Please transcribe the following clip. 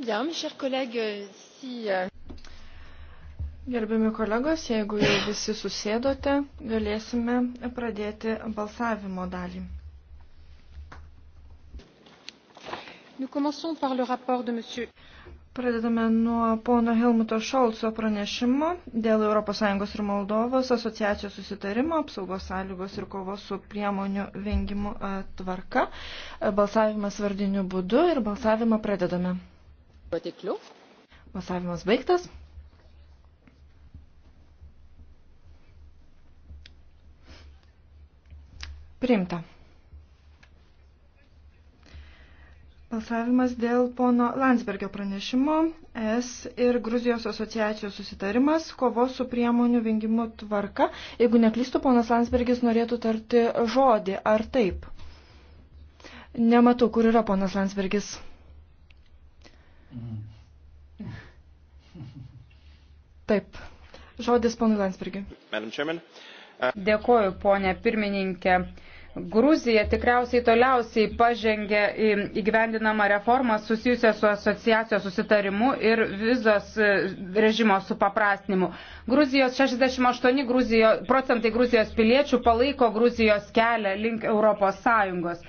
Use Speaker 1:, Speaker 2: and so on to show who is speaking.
Speaker 1: Euh,
Speaker 2: Gerbiami kolegos, jeigu jau visi susėdote, galėsime pradėti balsavimo dalį. Pradedame nuo pono Helmuto Šolco pranešimo dėl ES ir Moldovos asociacijos susitarimo apsaugos sąlygos ir kovos su priemonių vengimu e, tvarka. E, balsavimas vardiniu būdu ir balsavimą pradedame. Patikliu. Balsavimas baigtas. Priimta. Balsavimas dėl pono Landsbergio pranešimo S ir Gruzijos asociacijos susitarimas kovos su priemonių vengimu tvarka. Jeigu neklystu, ponas Landsbergis norėtų tarti žodį. Ar taip? Nematau, kur yra ponas Landsbergis.
Speaker 1: Taip. Žodis ponui Landsbergiui. Uh, Dėkoju, ponė pirmininkė. Gruzija tikriausiai toliausiai pažengė įgyvendinamą reformą susijusią su asociacijos susitarimu ir vizos uh, režimo supaprastinimu. Gruzijos 68 Gruzijo, procentai Gruzijos piliečių palaiko Gruzijos kelią link Europos Sąjungos.